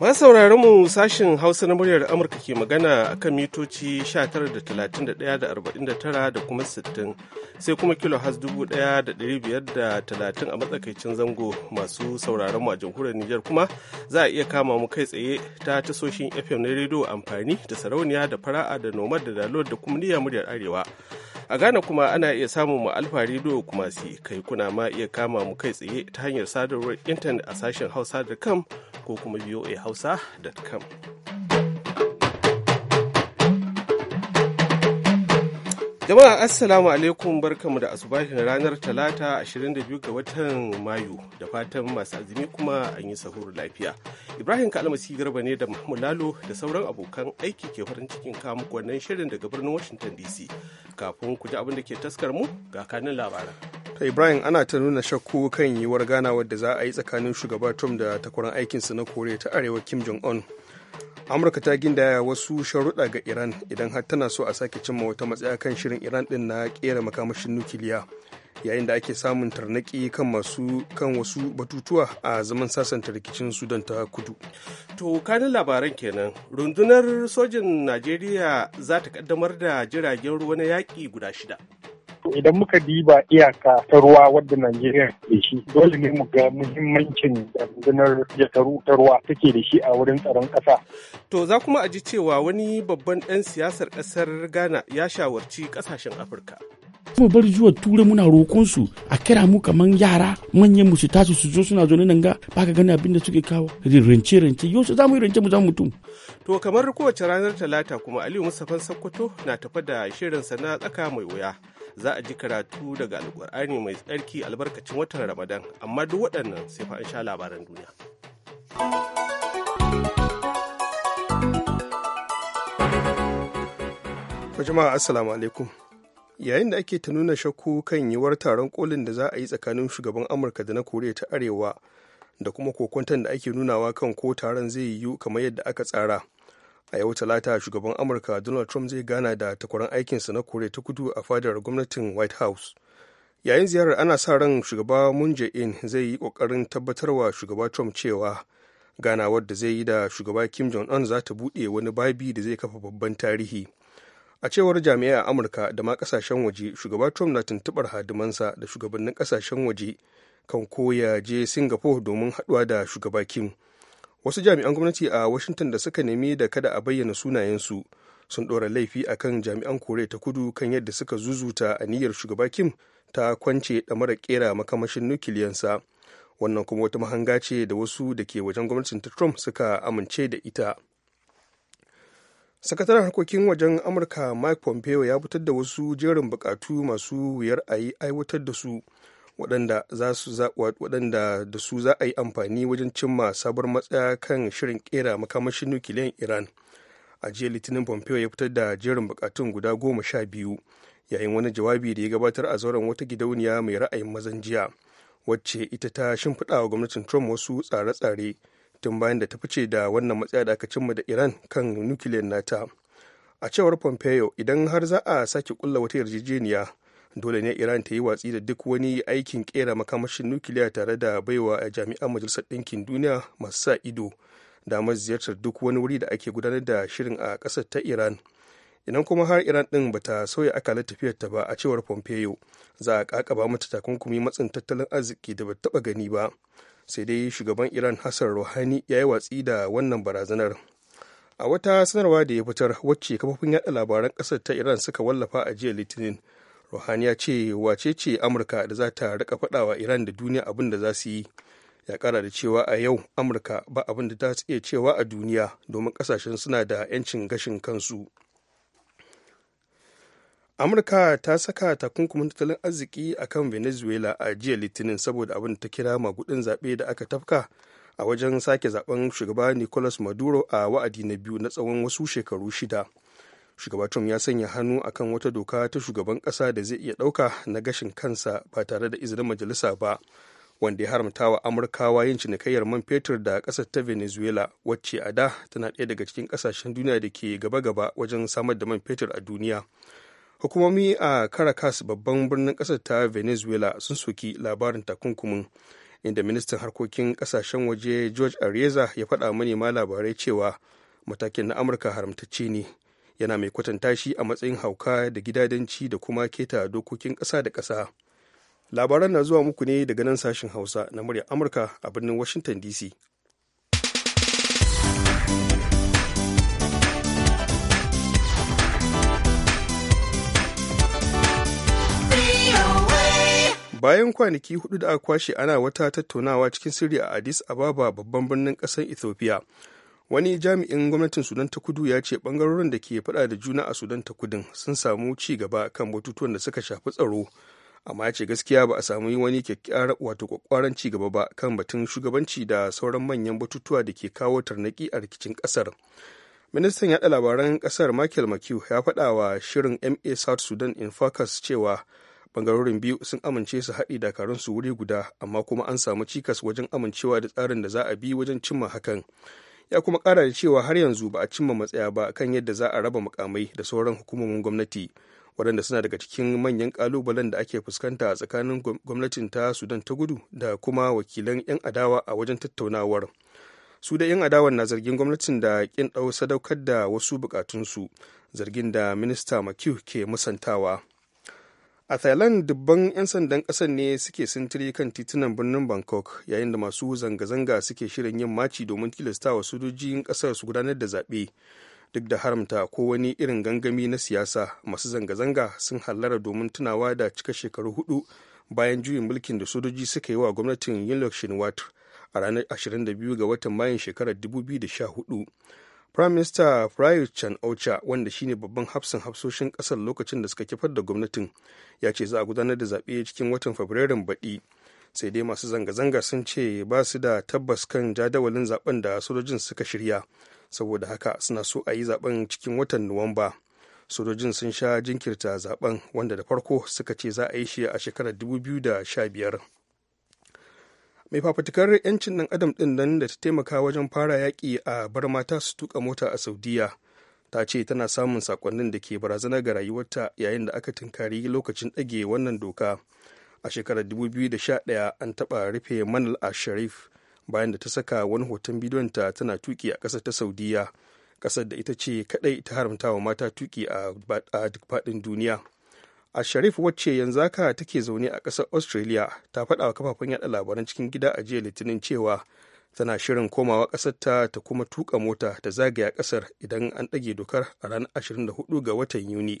Masu sauraron mu sashin Hausa na muryar Amurka ke magana a kan mitoci 19,31,49 da kuma 60 sai kuma kilo has 1,530 a matsakaicin zango masu sauraron mu a jamhuriyar Nijar kuma za a iya kama mu kai tsaye ta tasoshin FM na rediyo amfani da sarauniya da fara'a da nomad da dalot da kuma niyyar muryar Arewa. A Ghana kuma ana iya samun mu Alfa do kuma si kai kuna ma iya kama mu kai tsaye ta hanyar sadarwar intanet a sashen hausa.com ko kuma voahausa.com. Jama'a Assalamu alaikum barkamu da asubahin ranar Talata 22 ga watan Mayu da fatan masu azumi kuma an yi sahuru lafiya. Ibrahim Kalmasi Garba ne da Mahmud Lalo da sauran abokan aiki ke farin cikin kamu wannan shirin daga birnin Washington DC. Kafin ku ji abin da ke taskar mu ga kanin labaran. Ta Ibrahim ana ta nuna shakku kan yiwuwar ganawar da za a yi tsakanin shugaba tom da takwaran aikinsa na Koriya ta Arewa Kim Jong-un. amurka ta gindaya wasu sharuɗa ga iran idan har tana so a sake cimma wata matsaya kan shirin iran ɗin na kera makamashin nukiliya yayin da ake samun tarnaki kan masu kan wasu batutuwa a zaman sasanta rikicin sudan ta kudu to kanin labaran kenan rundunar sojin najeriya za ta kaddamar da jiragen ruwa na yaƙi guda shida To idan muka diba iyaka ta ruwa wadda Najeriya da shi dole ne mu ga muhimmancin rundunar ya taru ta ruwa take da shi a wurin tsaron kasa. To za kuma a ji cewa wani babban ɗan siyasar ƙasar Ghana ya shawarci ƙasashen Afirka. mu bar zuwa tura muna roƙon su a kira mu kaman yara manyan mu su tashi su zo suna zaune nan ga ba ka gani abin da suke kawo rance rance yau za mu yi rance mu za mutum. to kamar kowace ranar talata kuma aliyu fan sokoto na tafa da shirin sana tsaka mai wuya za a ji karatu daga alkur'ani mai tsarki albarkacin watan ramadan amma duk waɗannan sai fa an sha labaran duniya jama'a assalamu alaikum yayin da ake ta nuna shakku kan yiwuwar taron kolin da za a yi tsakanin shugaban amurka da na koriya ta arewa da kuma kokwantan da ake nunawa kan ko taron zai yiwu kamar yadda aka tsara a yau talata shugaban amurka donald trump zai gana da takwaran aikinsa na kore ta kudu a fadar gwamnatin white house yayin ziyarar ana sa ran shugaba moon in zai yi kokarin tabbatarwa shugaba trump cewa ganawar da zai yi da shugaba kim jong un za ta buɗe wani babi da zai kafa babban tarihi a cewar jami'ai a amurka da ma kasashen waje shugaba trump na tuntuɓar hadimansa da shugabannin kasashen waje kan koya je singapore domin haɗuwa da shugaba kim wasu jami'an gwamnati a washington da suka nemi da kada a bayyana sunayensu sun ɗora laifi a kan jami'an koriya ta kudu kan yadda suka zuzuta a niyyar shugaba kim ta kwance ɗamara ƙera makamashin nukiliyansa wannan kuma wata mahanga ce da wasu da ke wajen gwamnatin ta trump suka amince da ita sakataren harkokin wajen amurka mike pompeo ya fitar da wasu jerin bukatu masu wuyar a yi aiwatar da su waɗanda da su za a yi amfani wajen cimma sabuwar matsaya kan shirin kera makamashin nukiliyan iran a jiya litinin pompeo ya fitar da jerin bukatun guda goma sha biyu yayin wani jawabi da ya gabatar a zauren wata gidauniya mai ra'ayin mazan jiya wacce ita ta shimfiɗa wa gwamnatin trump wasu tsare-tsare tun bayan da ta fice da wannan matsaya da aka cimma da iran kan nukiliyan nata a cewar pompeo idan har za a sake kulla wata yarjejeniya dole ne iran ta yi watsi da duk wani aikin kera makamashin nukiliya tare da baiwa jami'an majalisar ɗinkin duniya masu sa ido damar ziyartar duk wani wuri da ake gudanar da shirin a ƙasar ta iran idan kuma har iran ɗin bata sauya akalar tafiyar ta ba a cewar pompeo za a kakaba mata takunkumi matsin tattalin arziki da bata taɓa gani ba sai dai shugaban iran hassan rouhani ya yi watsi da wannan barazanar a wata sanarwa da ya fitar wacce kafofin yada labaran ƙasar ta iran suka wallafa a jiya litinin ruhani ya ce wace ce amurka da za ta rika faɗawa iran da duniya abin da za su yi ya kara da cewa a yau amurka ba abin da ta iya cewa a duniya domin kasashen suna da 'yancin gashin kansu amurka ta saka takunkumin tattalin arziki a kan venezuela a jiya litinin saboda abin da ta kira magudin zaɓe da aka tafka a wajen sake zaben shugaba nicolas maduro a wa'adi na biyu na tsawon wasu shekaru shida shugaba ya sanya hannu akan wata doka ta shugaban kasa da zai iya dauka na gashin kansa ba tare da izinin majalisa ba wanda ya haramta wa amurkawa yin cinikayyar man fetur da kasar ta venezuela wacce a da tana ɗaya daga cikin ƙasashen duniya da ke gaba-gaba wajen samar da man fetur a duniya hukumomi a caracas babban birnin ƙasar ta venezuela sun soki labarin takunkumin inda ministan harkokin ƙasashen waje george areza ya faɗa manema labarai cewa matakin na amurka haramtacce ne yana mai kwatanta shi a matsayin hauka da gidadanci da kuma keta dokokin ƙasa da ƙasa labaran na zuwa muku ne daga nan sashen hausa na murya amurka a birnin washington dc bayan kwanaki hudu da aka kwashe ana wata tattaunawa cikin sirri a addis ababa babban birnin ƙasar ethiopia wani jami'in gwamnatin sudan ta kudu ya ce bangarorin da ke faɗa da juna a sudan ta kudin sun samu ci gaba kan batutuwan da suka shafi tsaro amma ya ce gaskiya ba a samu wani kyakkyar wato kwakwaran ci gaba ba kan batun shugabanci da sauran manyan batutuwa da ke kawo tarnaki a rikicin kasar ministan yaɗa labaran kasar michael mchugh ya faɗa wa shirin ma south sudan in focus cewa bangarorin biyu sun amince su haɗi dakarunsu wuri guda amma kuma an samu cikas wajen amincewa da tsarin da za a bi wajen cimma hakan ya kuma kara da cewa har yanzu ba a cimma matsaya ba kan yadda za a raba mukamai da sauran hukumomin gwamnati waɗanda suna daga cikin manyan ƙalubalen da ake fuskanta a tsakanin gwamnatin ta sudan ta gudu da kuma wakilan 'yan adawa a wajen tattaunawar su da 'yan adawan na zargin gwamnatin da kin ɗau sadaukar da wasu bukatunsu zargin da minista makiu ke musantawa a thailand dubban 'yan sandan ƙasar ne suke sintiri kan titunan birnin bangkok yayin da masu zanga-zanga suke shirin yin maci domin tilastawa sojojin ƙasar su gudanar da zaɓe duk da haramta ko wani irin gangami na siyasa masu zanga-zanga sun hallara domin tunawa da cika shekaru hudu bayan juyin mulkin da sojoji suka yi wa gwamnatin yinlok shinwat a ranar 22 ga watan mayun shekarar 2014 Prime Minister Prayut Chan Ocha wanda shine babban hafsan hafsoshin kasar lokacin da suka kifar da gwamnatin ya ce za a gudanar da zaɓe cikin watan Fabrairun baɗi. Sai dai masu zanga-zanga sun ce ba su da tabbas kan jadawalin zaben da sojojin suka shirya saboda haka suna so a yi zaben cikin watan Nuwamba. Sojojin sun sha jinkirta zaben wanda da farko suka ce za a yi shi a shekarar 2015. mai fafutukar 'yancin ɗan adam ɗin nan da ta taimaka wajen fara yaƙi a bar mata su tuka mota a saudiya ta ce tana samun sakonnin da ke barazana ga rayuwarta yayin da aka tunkari lokacin ɗage wannan doka a shekarar 2011 an taɓa rufe manal a sharif bayan da ta saka wani hoton bidiyonta tana tuki a ƙasar ta saudiya ƙasar da ita ce kaɗai ta haramta wa mata tuki a duk faɗin duniya a sharif wacce yanzu haka take zaune a ƙasar australia ta faɗa wa kafafen yada labaran cikin gida a jiya litinin cewa tana shirin komawa ƙasarta ta kuma tuka mota ta zagaya ƙasar idan an ɗage dokar a ranar 24 ga watan yuni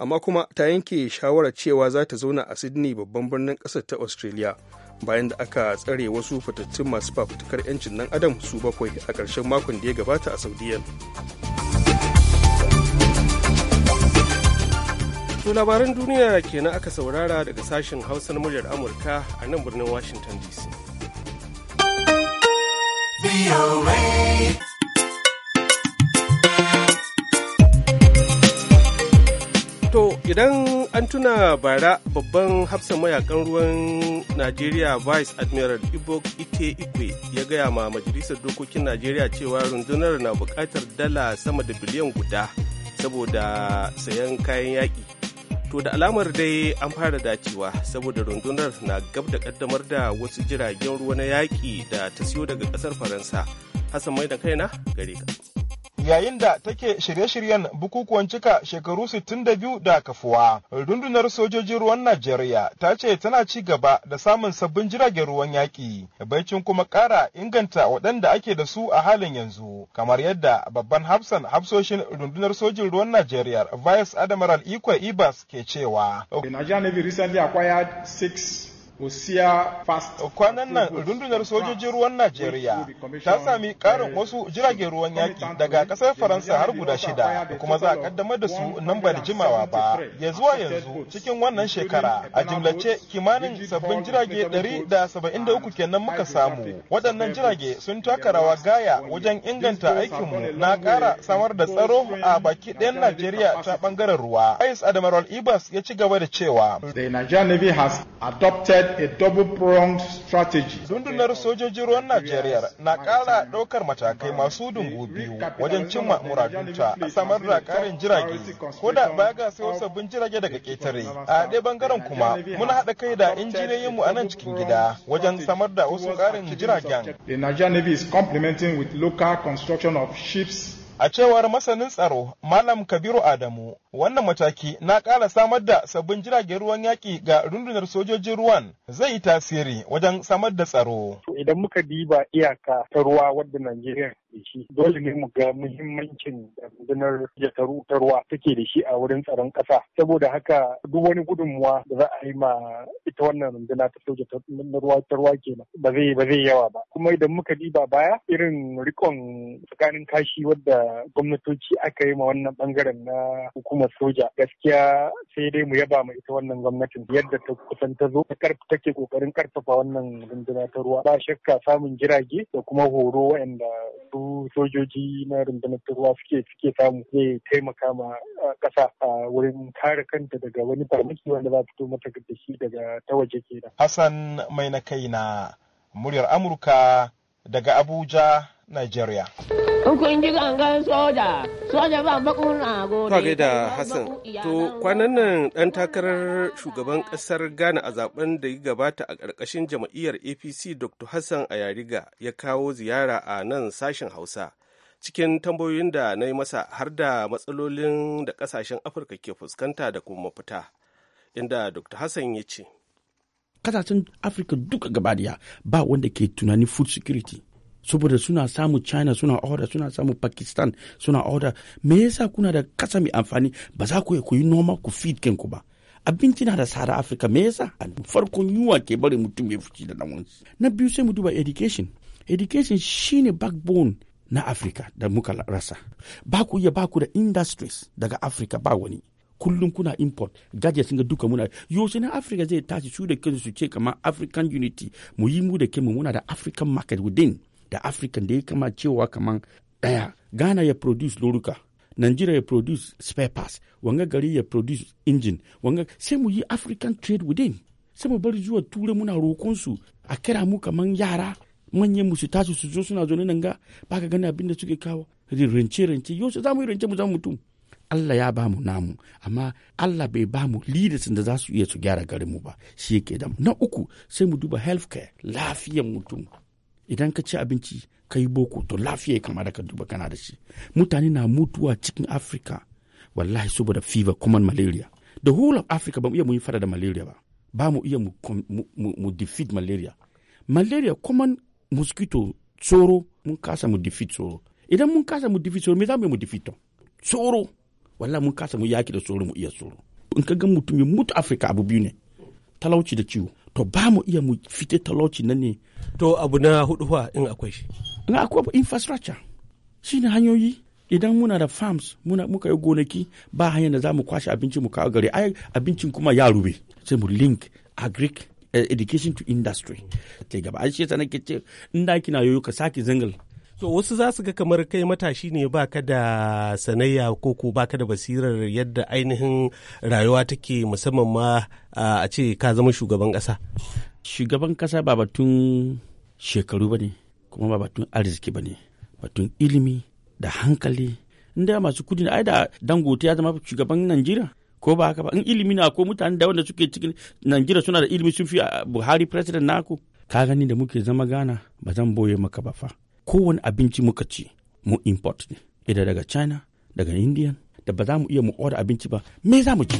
amma kuma ta yanke shawarar cewa za ta zauna a sydney babban birnin ƙasar ta australia bayan da aka tsare wasu fitattun masu fafutukar 'yancin nan adam su bakwai a ƙarshen makon da ya gabata a saudiyan To labaran duniya kenan aka saurara daga sashen Hausa na muryar Amurka a nan birnin Washington DC. To idan an tuna bara babban hafsan mayakan ruwan Najeriya Vice Admiral Ibok Ite Ikwe ya gaya ma Majalisar Dokokin Najeriya cewa rundunar na bukatar dala sama da biliyan guda saboda sayan kayan yaƙi. to da alamar dai an fara dacewa saboda rundunar na gab da kaddamar da wasu jiragen ruwa na yaƙi da ta siyo daga ƙasar faransa hassan mai da kaina gare ka yayin da take shirye-shiryen bukukuwan cika shekaru 62 da kafuwa. Rundunar sojojin ruwan Najeriya ta ce tana ci gaba da samun sabbin jiragen ruwan yaƙi, baicin kuma ƙara inganta waɗanda ake da su a halin yanzu, kamar yadda babban hafsan hafsoshin rundunar sojin ruwan Najeriya Vice Admiral Ikwe Ibas ke cewa. The kwanan nan rundunar sojojin ruwan najeriya ta sami karin eh, wasu jiragen ruwan yaki daga kasar faransa har guda shida da kuma za a kaddamar da su nan ba da jimawa ba ya zuwa yanzu cikin wannan shekara a jimlace kimanin sabbin jirage 173 kenan muka samu waɗannan jirage sun taka rawa gaya wajen inganta aikinmu na ƙara samar da tsaro a baki ɗayan najeriya ta ɓangaren ruwa admiral ibas ya ci gaba da cewa the navy has adopted a double strategy. Dundunar sojojin ruwan Najeriya na ƙara ɗaukar matakai masu dungu biyu wajen cimma muradunta a samar da karin jirage ko da baya ga sayo sabbin jirage daga ƙetare. A ɗaya bangaren kuma muna haɗa kai da mu a nan cikin gida wajen samar da wasu ƙarin jiragen. The Nigerian Navy is complementing with local construction of ships A cewar masanin tsaro Malam Kabiru Adamu, wannan mataki na ƙara samar da sabbin jiragen ruwan yaƙi ga rundunar sojojin ruwan zai yi tasiri wajen samar da tsaro. Idan muka diba iyaka ta ruwa wadda Najeriya ke shi dole ne mu ga muhimmancin da rundunar jakaru take da shi a wurin tsaron ƙasa saboda haka duk wani gudunmuwa da za a yi ma ita wannan runduna ta soja ta ruwa ta ruwa kenan ba zai ba yawa ba kuma idan muka diba baya irin rikon tsakanin kashi wadda gwamnatoci aka yi ma wannan bangaren na hukumar soja gaskiya sai dai mu yaba ma ita wannan gwamnatin yadda ta kusan ta zo take kokarin karfafa wannan runduna ta ruwa ba shakka samun jirage da kuma horo waɗanda su sojoji na rundunar ta ruwa suke suke samu zai taimaka ma ƙasa wurin kare kanta daga wani farmaki wanda za fito mata da shi daga ta waje kenan. Hassan mai na kai na muryar Amurka daga Abuja, Nigeria. Hukun ji gangan soja, soja bakun gaida Hassan, to kwanan nan ɗan takarar shugaban ƙasar Ghana a zaben da ya gabata a ƙarƙashin jam'iyyar APC Dr. Hassan Ayariga ya kawo ziyara a nan sashen Hausa. cikin tambayoyin da na yi masa har da matsalolin da kasashen afirka ke fuskanta da kuma mafita inda dr hassan ya ce kasashen afirka duka daya ba wanda ke tunani food security saboda suna samu china suna order suna samu pakistan suna order me yasa kuna da kasa mai amfani ba za ku yi noma ku feed kanku ba abinci na da tsara afirka me yasa farkon yunwa ke bari mutum ya fuci da nan na biyu sai mu duba education education shine backbone na Afirka da muka rasa. Ba ku iya ba ku da industries daga Afirka ba wani. Kullum kuna import gadgets ga duka muna yaushe na Afirka zai tashi su da kansu su ce kamar African Unity mu yi mu da mu muna da African market within da African da ya kama cewa kamar daya Ghana ya produce loruka Nigeria ya produce spare parts wanga gari ya produce engine wanga sai mu yi African trade within sai mu bari zuwa ture muna su a kira mu kaman yara manyan mu su tashi su zo suna zaune nan ga ba ka gani abin da suke kawo rance rance yau za mu yi rance mu zama mutum Allah ya ba mu namu amma Allah bai ba mu leaders da za su iya su gyara garin mu ba shi yake da na uku sai mu duba healthcare lafiyar mutum idan ka ci abinci ka yi boko to lafiya kama da ka duba kana da shi mutane na mutuwa cikin Africa wallahi saboda fever common malaria the whole of Africa ba mu iya mu yi da malaria ba ba mu iya mu defeat malaria malaria common mosquito tsoro mun kasa mu difi tsoro idan mun kasa mu difi tsoro me za mu yi mu difi to tsoro wallahi mun kasa mu yaki da tsoro mu iya tsoro in ka ga mutum ya mutu afirka abu biyu ne talauci da ciwo to ba mu iya mu fita talauci nan ne to abu na hudu fa in akwai shi in akwai infrastructure shine hanyoyi idan muna da farms muna muka yi gonaki ba hanyar da za mu kwashe abinci mu kawo gari ai abincin kuma ya rube sai mu link agric Eh, education to industry ta gaba an shi yasa ke ce in kina yoyo ka saki zangal so wasu za su ga kamar kai matashi ne ba ka da sanayya ko ko ka da basirar yadda ainihin rayuwa take musamman ma a ce ka zama shugaban kasa shugaban kasa ba batun shekaru ba ne kuma ba batun arziki ba ne batun ilimi da hankali inda masu kudi ai da dangote ya zama shugaban najeriya ko ba haka ba in ilimi na ko mutane da wanda suke cikin Najeriya suna da ilimi sun fi Buhari president naku ka gani da muke zama gana ba zan boye maka ba fa kowane abinci muka ci mu import ne idan daga China daga Indian da ba za mu iya mu order abinci ba me za mu ci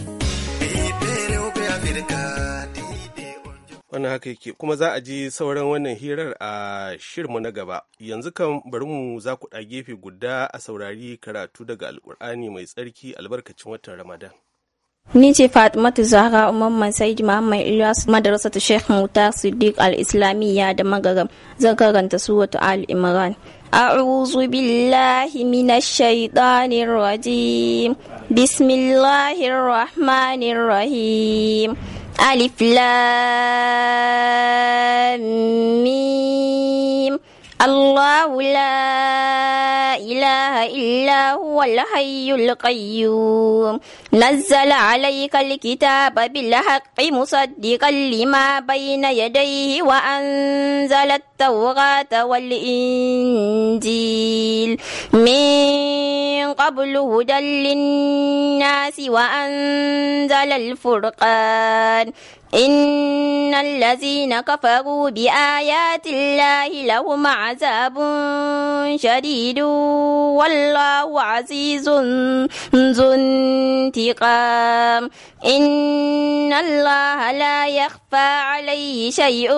wannan haka yake kuma za a ji sauran wannan hirar a shirmu na gaba yanzu kan bari mu za ku ɗa gefe guda a saurari karatu daga alkur'ani mai tsarki albarkacin watan ramadan Ni ce Fatimatu Zahra Umar said Muhammad Ilyas Madrasatu Sheikh Mutar Siddiq Al-Islamiyya da Magaram zan karanta suratu al Imran. أعوذ بالله من الشيطان الرجيم بسم الله الرحمن الرحيم ألف لام ميم الله لا إله إلا هو الحي القيوم نزل عليك الكتاب بالحق مصدقا لما بين يديه وأنزل التوراة والإنجيل من قبل هدى للناس وأنزل الفرقان إن الذين كفروا بآيات الله لهم عذاب شديد والله عزيز ذو انتقام إن الله لا يخفى عليه شيء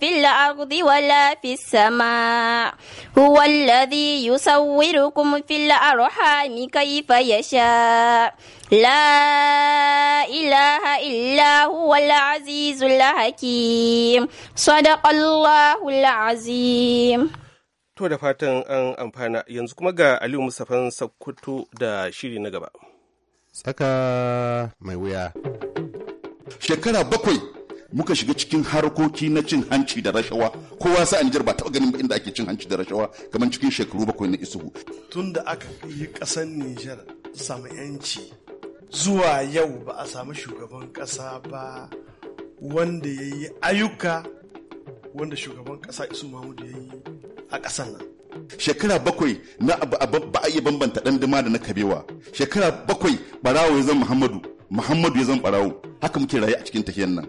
في الأرض ولا في السماء هو الذي يصوركم في الأرحام كيف يشاء لا إله إلا هو العزيز الحكيم صدق الله العظيم To da fatan an amfana yanzu kuma ga Aliyu Mustafan Sakkwato da shiri na gaba. Tsaka mai wuya. Shekara bakwai muka shiga cikin harkoki na cin hanci da rashawa kowa sa Nijar ba taɓa ganin inda ake cin hanci da rashawa kamar cikin shekaru bakwai na isuhu. Tun da aka yi ƙasan Nijar samu 'yanci zuwa yau ba a samu shugaban ƙasa ba wanda ya yi ayyuka wanda shugaban ƙasa isu mahmudu ya yi a kasan nan shekara bakwai na ba a iya bambanta ɗan dima da na kabewa shekara bakwai barawo ya zan muhammadu muhammadu ya zan barawo haka muke rayu a cikin tafiyan nan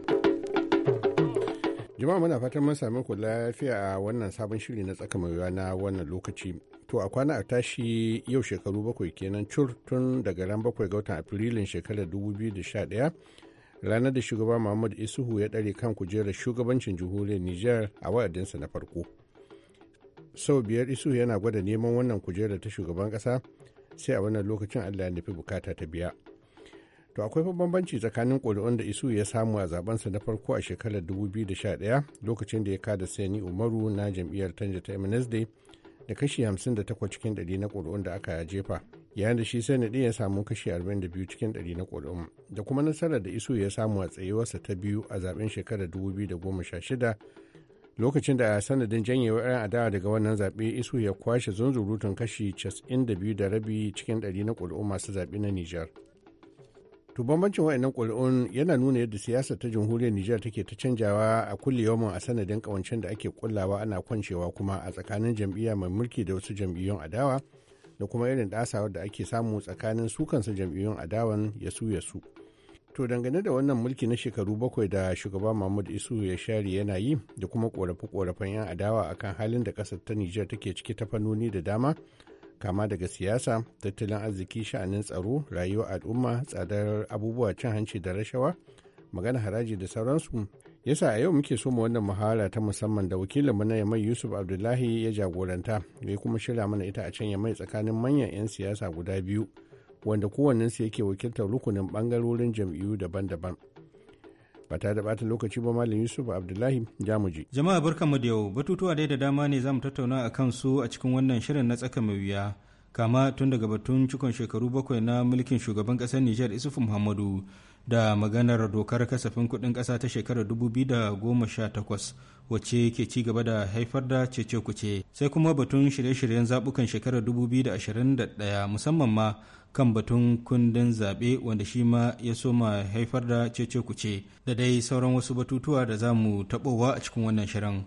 jama'a muna fatan mun sami kula lafiya a wannan sabon shiri na tsaka mai na wannan lokaci to a kwana a tashi yau shekaru bakwai kenan cur tun daga ran bakwai ga watan afrilun shekarar 2011 ranar da shugaba muhammadu isuhu ya ɗare kan kujerar shugabancin jamhuriyar niger a wa'adinsa na farko sau biyar isuhu yana gwada neman wannan kujerar ta shugaban ƙasa sai a wannan lokacin allah ya nufi bukata ta biya to akwai bambanci tsakanin ƙuri'un da isu ya samu a zabensa na farko a shekarar 2011 lokacin da ya kada sani umaru na jam'iyyar tanja ta mnsd da kashi 58 cikin 100 na ƙuri'un da aka jefa yayin da shi na ya samu kashi 42 cikin 100 na ƙuri'un da kuma nasarar da isu ya samu a tsayuwarsa ta biyu a zaben shekarar 2016 lokacin da a sanadin janyewa 'yan adawa daga wannan zaɓe isu ya kwashe zunzurutun kashi 92 da rabi cikin 100 na ƙuri'un masu zaɓe na nijar To bambancin wa'annan ƙuri'un yana nuna yadda siyasa ta jamhuriyar Nijar take ta canjawa a kulle a sanadin ƙawancen da ake kullawa ana kwancewa kuma a tsakanin jam'iyya mai mulki da wasu jam'iyyun adawa da kuma irin ɗasawa da ake samu tsakanin su jam'iyyun adawan ya su ya su. To dangane da wannan mulki na shekaru bakwai da shugaba Mahmud Isu ya share yana yi da kuma ƙorafe-ƙorafen 'yan adawa akan halin da ƙasar ta Nijar take ciki ta fannoni da dama kama daga siyasa tattalin arziki sha'anin tsaro rayuwar al'umma tsadar abubuwa cin hanci da rashawa magana haraji da sauransu yasa a yau muke so mu wannan muhawara ta musamman da wakilin mu na yamai yusuf abdullahi ya jagoranta ya kuma shirya mana ita a can yamai tsakanin manyan 'yan siyasa guda biyu wanda kowannensu yake wakiltar rukunin bangarorin jam'iyyu daban-daban ba ta da bata lokaci ba malam yusuf abdullahi jamuji jama'a barkanmu da yau batutuwa dai da dama ne zamu tattauna a kan su a cikin wannan shirin na tsaka mai wuya kama tun daga batun cikon shekaru bakwai na mulkin shugaban ƙasar nijar isufu muhammadu da maganar dokar kasafin kuɗin ƙasa ta shekarar 2018 wacce ke ci gaba da haifar da cece-kuce sai kuma batun shirye-shiryen zaɓukan shekarar 2021 musamman ma kan batun kundin zaɓe wanda shi ma ya soma haifar da cece-kuce da dai sauran wasu batutuwa da za mu taɓowa a cikin wannan shirin.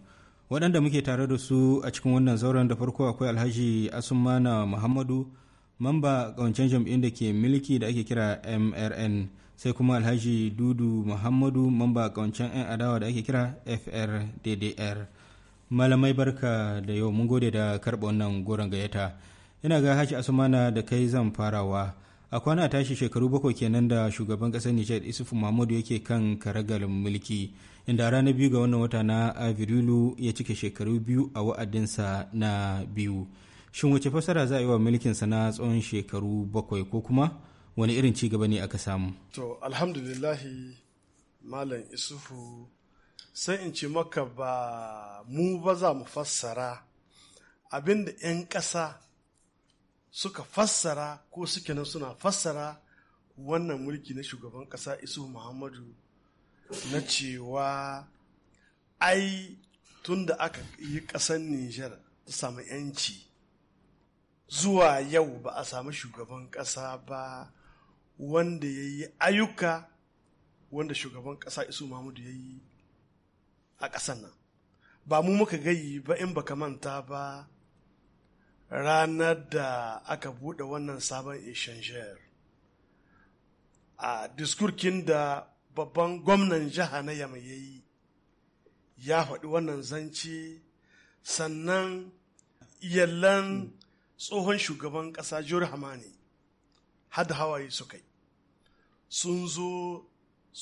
waɗanda muke tare da su a cikin wannan zauren da farko akwai alhaji asumana muhammadu mamba ƙawancen jam'in da ke miliki da ake kira mrn sai kuma alhaji dudu muhammadu mamba kawancen 'yan adawa da ake kira frddr malamai barka da yau mun gode da karɓa wannan goron gayyata ina ga hashi asumana da kai zan farawa a kwana tashi shekaru bakwai kenan da shugaban ƙasar nijar isufu mahmudu yake kan karagar mulki inda ranar biyu ga wannan wata na avirilu ya cika shekaru biyu a wa'adinsa na biyu shin wace fasara za a yi wa mulkinsa na tsawon shekaru bakwai ko kuma wani irin ci gaba ne aka samu to alhamdulillahi malam isufu sai in ce maka ba mu ba za mu fassara abinda 'yan ƙasa suka fassara ko suke nan suna fassara wannan mulki na shugaban ƙasa isu muhammadu na cewa ai tun da aka yi ƙasar nijar ta samu 'yanci zuwa yau ba a samu shugaban ƙasa ba wanda ya yi ayyuka wanda shugaban ƙasa isu mahmudu ya yi a ƙasan nan ba mu muka gayi ba in baka manta ba ranar da aka buɗe wannan sabon ishanjiyar a diskurkin da babban gwamnan jiha na yamma ya yi ya faɗi wannan zance sannan iyalan tsohon shugaban ƙasa jihar hamani had hawaye su kai sun zo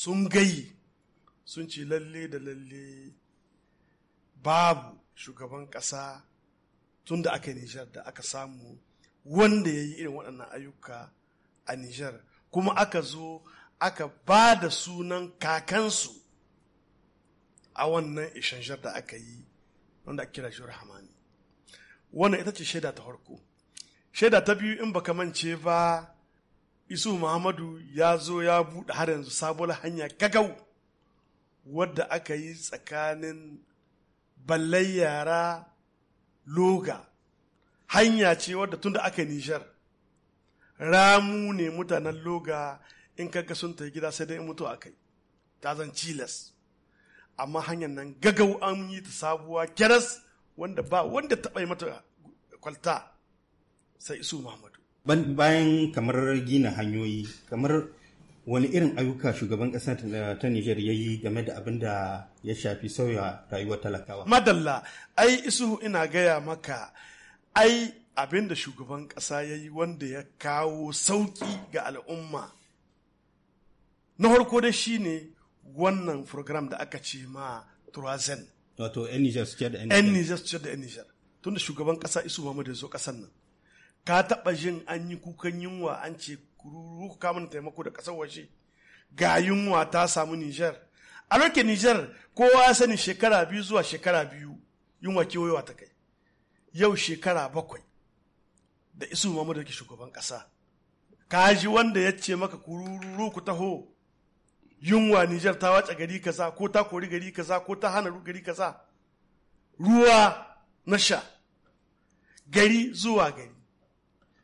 sun gayi sun ce lalle da lalle babu shugaban ƙasa tun da aka nijar da aka samu wanda ya yi irin waɗannan ayyuka a nijar kuma aka zo aka ba da sunan kakansu a wannan ishanjar da aka yi wanda aka kira shi rahamani wannan ita ce shaida ta farko shaida ta biyu in ba ka mance ba isu muhammadu ya zo ya buɗe har yanzu sabuwar hanya gagau wadda aka yi tsakanin ballai loga hanya ce wadda tun da aka nishar ramu ne mutanen loga in kaga sun ta gida sai dai mutu akai ta zan cilas amma hanyar nan gagau an yi ta sabuwa keras wanda ba wanda taɓa yi mata kwalta sai isu muhammadu bayan kamar gina hanyoyi kamar wani irin ayyuka shugaban ƙasa ta Nijar ya yi game da abin da ya shafi sauya rayuwar talakawa. Madalla, ai isu ina gaya maka, ai abin da shugaban ƙasa ya yi wanda ya kawo sauƙi ga al'umma. Na harko da shi ne wannan program da aka ce ma Turazen. Wato, ‘yan Nijar su da ‘yan Nijar. ‘Yan Nijar suke da ‘yan Nijar. Tunda shugaban ƙasa isu Muhammadu ya zo ƙasan nan. ka taɓa jin an yi kukan yunwa an ce kururu kamun taimako da ƙasar waje ga yunwa ta samu Nijar. A lokacin Nijar kowa ya sani shekara biyu zuwa shekara biyu yunwa kewayewa ta kai. Yau shekara bakwai da isu mamu da shugaban ƙasa. ji wanda ya ce maka kururu ku taho yunwa Nijar ta wace gari kaza ko ta kori gari kaza ko ta hana gari kaza. Ruwa na sha gari zuwa gari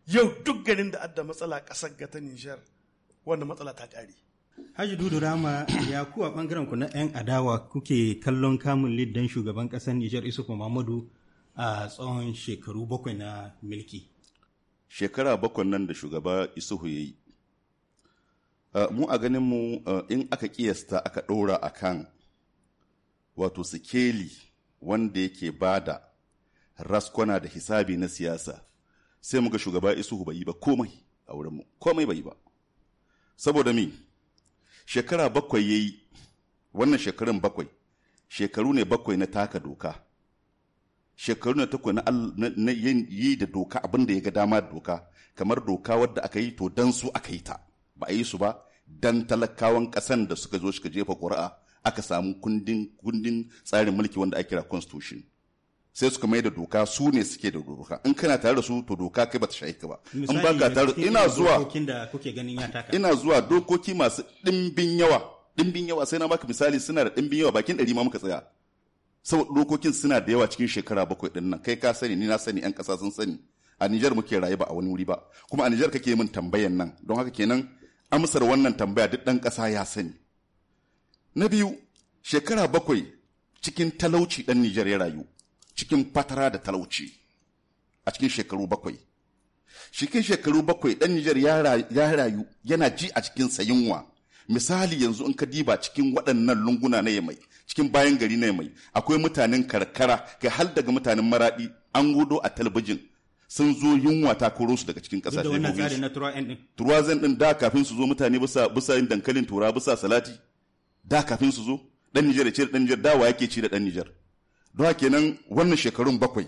yau duk ganin da adda matsala ƙasar ga ta Nijar wanda matsala ta ƙare. Haji Dudu Rama ya ku a ɓangaren ku na 'yan adawa kuke kallon kamun liddan shugaban ƙasar Nijar Isufu Mamadu a tsawon shekaru bakwai na milki. Shekara bakwai nan da shugaba Isufu ya yi. Mu a ganin mu in aka kiyasta aka ɗora a kan wato sikeli wanda yake bada raskwana da hisabi na siyasa. sai muga shugaba isuhu bai yi ba komai a wurinmu komai bai yi ba saboda mi shekara bakwai ya yi wannan shekarun bakwai shekaru ne bakwai na taka doka shekaru na takwai na yi da doka abin da ya ga dama da doka kamar doka wadda aka yi to dan su aka yi ta ba a yi su ba dan talakawan kasan da suka zo ka jefa ƙuri'a aka samu kundin tsarin mulki wanda ake kira constitution sai suka mai da doka su ne suke da doka in kana tare da su to doka kai ta shaye ka ba in ba ka tare ina zuwa ina zuwa dokoki masu dimbin yawa dimbin yawa sai na baka misali suna da dimbin yawa bakin ɗari ma muka tsaya saboda dokokin suna da yawa cikin shekara bakwai din nan kai ka sani ni na sani yan ƙasa sun sani a Nijar muke rayu ba a wani wuri ba kuma a Nijar kake min tambayan nan don haka kenan amsar wannan tambaya duk ɗan ƙasa ya sani na biyu shekara bakwai cikin talauci ɗan Nijar ya rayu cikin fatara da talauci a cikin shekaru bakwai cikin shekaru bakwai ɗan nijar ya rayu yana ji a cikin sayinwa misali yanzu in ka diba cikin waɗannan lunguna na yamai cikin bayan gari na yamai akwai mutanen karkara kai har daga mutanen maraɗi an gudo a talabijin sun zo yunwa ta koro su daga cikin duk da wannan tsari na zan ɗin da kafin su zo mutane bisa bisa yin dankalin tura bisa salati da kafin su zo ɗan Nijar ya ce da ɗan Nijar dawa yake ci da ɗan Nijar don kenan wannan shekarun bakwai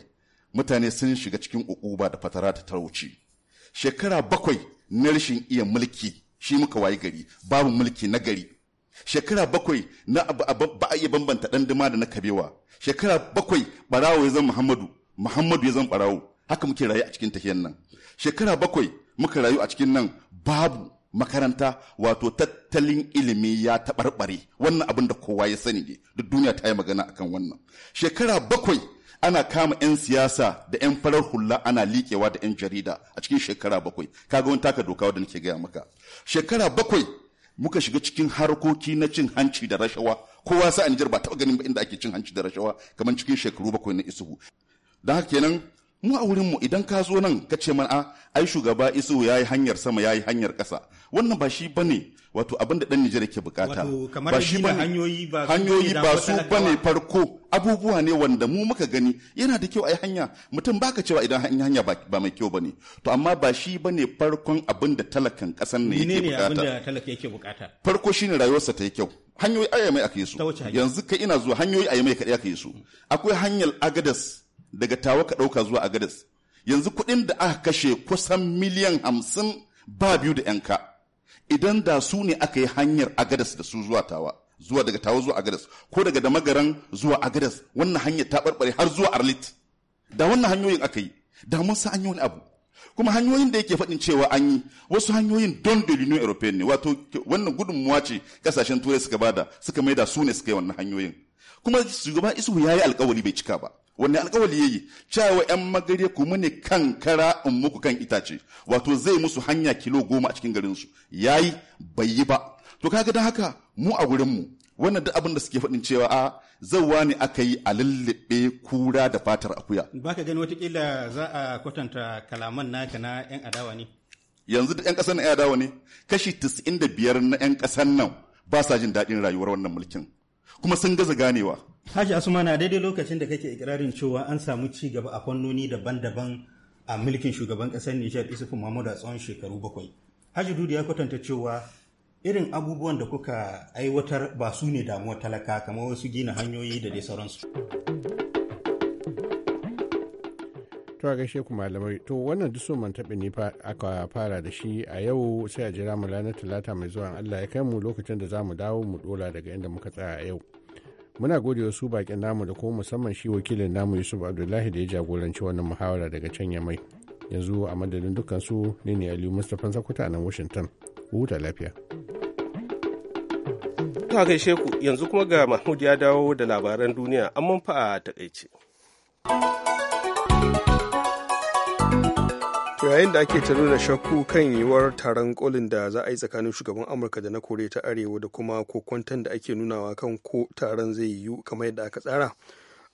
mutane sun shiga cikin ukuba da fatara ta talauci shekara bakwai na rashin iya mulki shi muka wayi gari babu mulki na gari shekara bakwai na ba a iya bambanta dan dima da na kabewa shekara bakwai barawo ya zan muhammadu muhammadu ya zan barawo haka muke rayu a cikin tahiyan nan shekara bakwai muka rayu a cikin nan babu makaranta wato tattalin ilimi ya taɓarɓare wannan abin da kowa ya sani ne duk duniya ta yi magana akan wannan shekara bakwai ana kama 'yan siyasa da 'yan farar hula ana liƙewa da 'yan jarida a cikin shekara bakwai kaga wani taka doka wadda nake gaya maka shekara bakwai muka shiga cikin harkoki na cin hanci da rashawa kowa sa a Nijar ba taɓa ganin ba inda ake cin hanci da rashawa kamar cikin shekaru bakwai na isuhu don haka kenan mu a wurinmu idan ka zo nan ka ce mana ai shugaba isu ya yi hanyar sama ya yi hanyar ƙasa wannan ba shi ba ne wato abin da ɗan Nijar yake bukata ba shi ba hanyoyi ba su ba ne farko abubuwa ne wanda mu muka gani yana da kyau a yi hanya mutum ba ka cewa idan hanya ba mai kyau ba ne to amma ba shi ba ne farkon abin da talakan ƙasan ne yake bukata farko shine rayuwarsa ta yi kyau hanyoyi a mai aka yi su yanzu kai ina zuwa hanyoyi a mai kaɗai aka yi su akwai hanyar agadas daga tawa ka ɗauka zuwa agadas yanzu kuɗin da aka kashe kusan miliyan hamsin ba biyu da yanka idan da su ne aka yi hanyar agadas da su zuwa tawa zuwa daga tawa zuwa agadas ko daga damagaran zuwa agadas wannan hanyar ta barbare har zuwa arlit da wannan hanyoyin aka yi da mun san an yi wani abu kuma hanyoyin da yake faɗin cewa an yi wasu hanyoyin don da union european ne wato wannan gudunmuwa ce kasashen turai suka bada suka maida su ne suka yi wannan hanyoyin kuma shugaba isu ya yi alkawari bai cika ba wanne alkawali ya yi cewa yan magare ku ne kankara in muku kan itace wato zai musu hanya kilo goma a cikin garin su yayi bai yi ba to kaga dan haka mu a gurin mu wannan duk abin da suke faɗin cewa a zan ne aka yi a lullube kura da fatar akuya baka gani watakila za a kwatanta kalaman naka na yan adawa ne yanzu da yan ƙasar na yan adawa ne kashi 95 na yan ƙasar nan ba sa jin daɗin rayuwar wannan mulkin kuma sun gaza ganewa asuma Asumana daidai lokacin da kake ikirarin cewa an samu ci gaba a fannoni daban-daban a mulkin shugaban ƙasar Nijar Isufu Mahmud a tsawon shekaru bakwai. hashi Dudu ya kwatanta cewa irin abubuwan da kuka aiwatar ba su ne damuwar talaka kamar wasu gina hanyoyi da dai sauransu. to a gaishe ku malamai to wannan duk man taɓa ne aka fara da shi a yau sai a jira mu ranar talata mai zuwa Allah ya kai mu lokacin da za mu dawo mu ɗola daga inda muka tsaya a yau. muna gode wasu bakin namu da kuma musamman shi wakilin namu yusuf abdullahi da ya jagoranci wannan muhawara daga can mai yanzu a madadin dukkan su ne ne aliyu mustapha sakuta a nan washington huta lafiya ta gaishe yanzu kuma ga mahmud ya dawo da labaran duniya an manfa a takaice. to yayin da ake ta da shakku kan yiwuwar taron kolin da za a yi tsakanin shugaban amurka da na koriya ta arewa da kuma kokwantan da ake nunawa kan ko taron zai yiwu kamar yadda aka tsara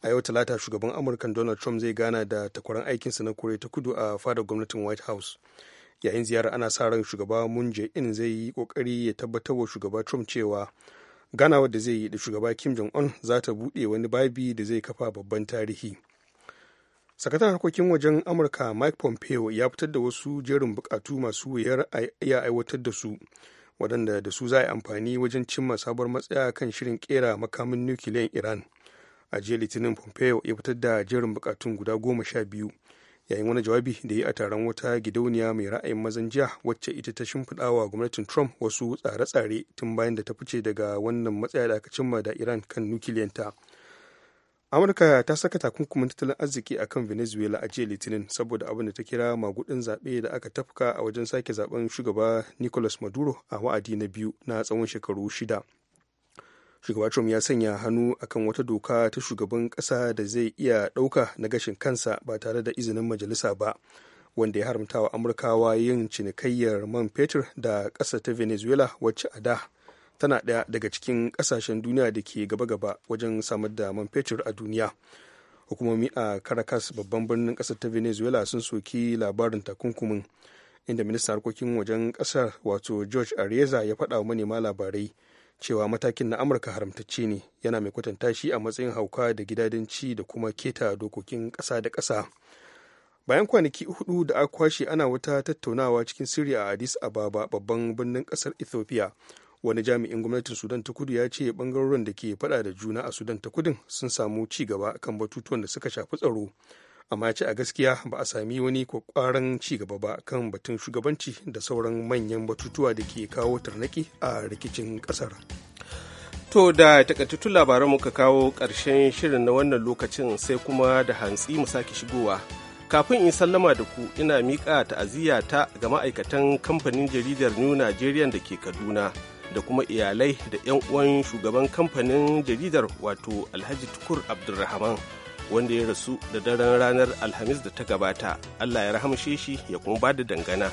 a yau talata shugaban amurka donald trump zai gana da takwaran aikinsa na koriya ta kudu a fadar gwamnatin white house yayin ziyarar ana sa ran shugaba moon in zai yi kokari ya tabbatar wa shugaba trump cewa ganawar da zai yi da shugaba kim jong un za ta buɗe wani babi da zai kafa babban tarihi sakataren harkokin wajen amurka mike pompeo ya fitar da wasu jerin bukatu masu wuyar ya aiwatar da su waɗanda da su za a amfani wajen cimma sabuwar matsaya kan shirin kera makamin nukiliyan iran a jiya litinin pompeo ya fitar da jerin bukatun guda goma sha biyu yayin wani jawabi da ya a taron wata gidauniya mai ra'ayin mazan jiya wacce ita ta shimfiɗawa gwamnatin trump wasu tsare-tsare tun bayan da ta fice daga wannan matsaya da aka cimma da iran kan nukiliyanta amurka ta saka takunkumin tattalin arziki akan venezuela a jiya litinin saboda abin da ta kira magudin zaɓe da aka tafka a wajen sake zaben shugaba nicolas maduro a wa'adi na biyu na tsawon shekaru shida shugaba trump ya sanya hannu akan wata doka ta shugaban ƙasa da zai iya ɗauka na gashin kansa ba tare da izinin majalisa ba wanda ya haramta wa amurkawa yin cinikayyar man fetur da ƙasa ta venezuela wacce a da tana ɗaya daga cikin ƙasashen duniya da ke gaba-gaba wajen samar da man fetur a duniya hukumomi a caracas babban birnin ƙasar ta venezuela sun soki labarin takunkumin inda ministan harkokin wajen ƙasar wato george areza ya faɗa wa manema labarai cewa matakin na amurka haramtacce ne yana mai kwatanta shi a matsayin hauka da gidadanci da kuma keta dokokin ƙasa da ƙasa bayan kwanaki hudu da aka kwashe ana wata tattaunawa cikin sirri a addis ababa babban birnin ƙasar ethiopia wani jami'in gwamnatin sudan ta kudu ya ce bangarorin da ke fada da juna a sudan ta kudin sun samu ci gaba kan batutuwan da suka shafi tsaro amma yace ce a gaskiya ba a sami wani kwakwaran ci gaba ba kan batun shugabanci da sauran manyan batutuwa da ke kawo tarnaki a rikicin kasar to da takaitattun labaran muka kawo ƙarshen shirin na wannan lokacin sai kuma da hantsi mu sake shigowa kafin in sallama da ku ina miƙa ta'aziyya ta ga ma'aikatan kamfanin jaridar new nigerian da ke kaduna da kuma iyalai da 'yan uwan shugaban kamfanin jaridar wato alhaji tukur abdulrahman wanda ya rasu da daren ranar alhamis da ta gabata allah ya rahamshe shi ya kuma ba da dangana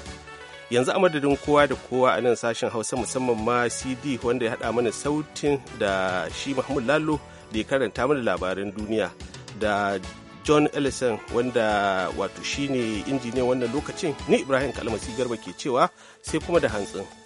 yanzu a madadin kowa da kowa a nan sashen hausa musamman ma cd wanda ya haɗa mana sautin da shi mahmud lalo da ya karanta mana labaran duniya da john ellison wanda wato shine injiniyan wannan lokacin ni ibrahim kalmasi garba ke cewa sai kuma da hantsin